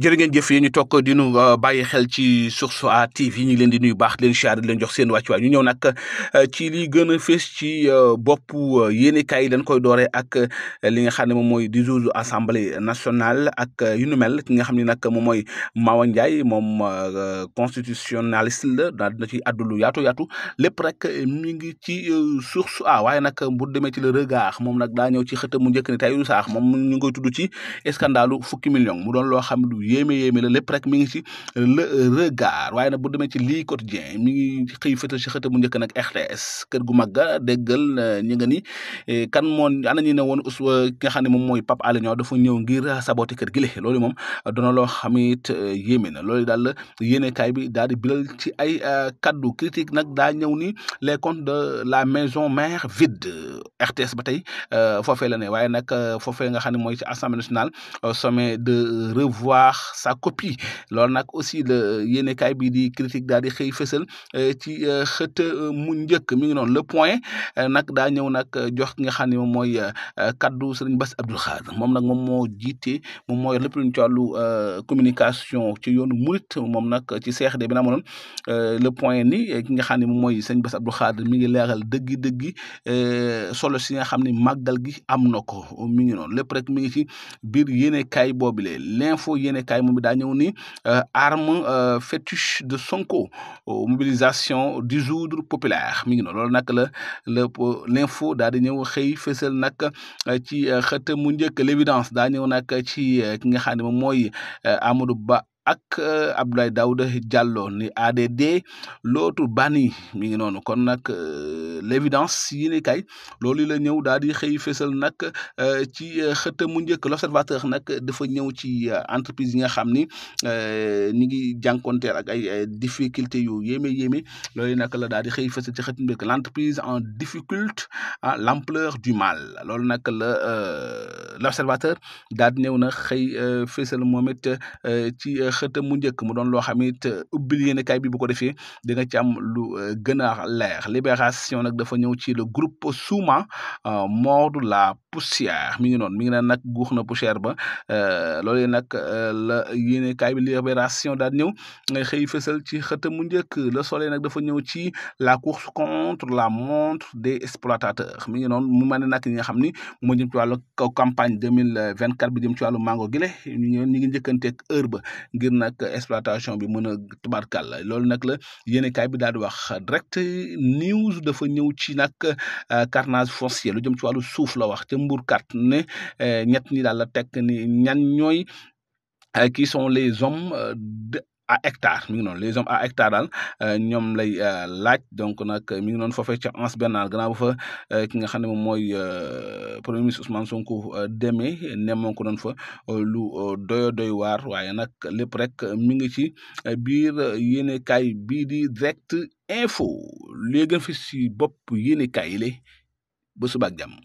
jërë ngeen jëf yéen ñu toog di nu euh, bàyyi xel ci Source A TV ñu ngi leen di nuyu baax di leen siyaar jox seen wàccuwaay ñu ñëw nag euh, ci li gën a fës ci euh, bopp yéenekaay yi dañ koy dooree ak li nga xam ne moom mooy di jour assemblée nationale ak yu nu mel ki nga xam ne nag moom mooy Mawa Ndiaye moom constitutionnaliste la daal dina ci àddu lu yaatu yaatu rek mi ngi ci Source A waaye nag bu demee ci le regard moom nag daa ñëw ci xëtam mu njëkk ni tey saax moom ñu ngi tudd ci scandalu fukki million mu doon loo xam du yéeme yéeme la lépp rek mi ngi ci le euh, regard waaye nag bu demee ci lii quotidien mi ngi xëy fëtal ci xëta RTS kër gu magga déggal euh, ñi nga ni euh, kan moon ana ñi ne woon us ki nga xam ne moom mooy Pape Alé Niang dafa ñëw ngir saboté kër gi le loolu moom dona loo xamit yéeme na loolu daal yéene kaay bi daal di bilal ci ay kadu critique nag daa ñëw ni le comptes de la maison mère vide RTS ba tey foofee la ne waaye nag foofee nga xam ne mooy ci assemblée nationale sommet de revoir baax sa copie loolu nag aussi la euh, yéenekaay bi di critique daal di xëy fësal euh, ci euh, xët mu njëkk mi ngi noonu le point nag daa ñëw nag jox ki nga xam ne moom mooy kaddu sëriñ Bass Abdou Khadre moom nag moom moo jiite moom moo yor lépp lu ñu ci wàllu communication ci yoonu murit moom nag ci CRD bi na amoon le point ni ki nga xam ne moom mooy sëriñ Bass Abdou Khadre mi ngi leeral dëggi-dëggi solo si nga xam ne màggal gi am na ko mi ngi noonu lépp rek mi ngi ci kaay moom daa ñëw ni euh, arme euh, fétiche de Sonko mobilisation dissoudre populaire mi ngi noonu loolu nag la la l'info daa di ñëw xëy fësal nag euh, ci xët mu njëkk l'évidence daa ñëw nag ci ki nga xam ne moom mooy Amadou Ba. ak eh, Abdoulaye Daouda Diallo ni ADD l'autre banni mi ngi noonu kon nag eh, l'évidence yi ni kay loolu la ñëw daal di xëy fésal nag eh, ci xëta mu njëkk l'observateur nag dafa ñëw ci entreprise yi nga xam ni ñi ngi jànkonteel ak ay difficultés yu yéeme yéeme loolu la daal di xëy fésal ci xët mu njëkk l'entreprise en difficulté a ah, l'ampleur du mal loolu nag la l'observateur daal di na xëy fésal moom it ci xëtam mu njëkk mu doon loo xam it euh, ubbil yéenekaay bi bu ko defee di nga ci am lu euh, gën a leer libération nag dafa ñëw ci le groupe Souma euh, mort de la poussière mi ngi noonu mi ngi naan nag guux na poussière ba loolu nag la yéenekaay bi libération daal ñëw xëy fësal ci xëtam mu njëkk le soleil nag dafa ñëw ci la course contre la montre de exploitateurs mi ngi noonu mu mel ne nag ñi xam ni moo jëm ci wàllu campagne deux mille vingt quatre bi jëm ci wàllu mango gile ñu ngi njëkkanteeg heure ba ngir nag exploitation bi mën a tubaarkàl loolu nag la yéene kaay bi daal di wax direct news dafa ñëw ci nag euh, carnage foncier lu jëm ci wàllu suuf la wax ca Mbour carte ne euh, ñet ñi dal la tekk ni ñan ñooy euh, qui sont les hommes à hectare mi ngi noonu les hommes à hectare daal euh, ñoom lay euh, laaj donc nag mi ngi noonu foofee ca Anse Bernard gannaaw fa euh, ki nga xam ne moom mooy premier ministre Ousmane Sonko demee ne moom ko doon fa lu doyo doy waar waaye nag lépp rek mi ngi ci biir yéenekaay bi di direct info léegi fi si bopp yéenekaay yi la ba suba ak jàmm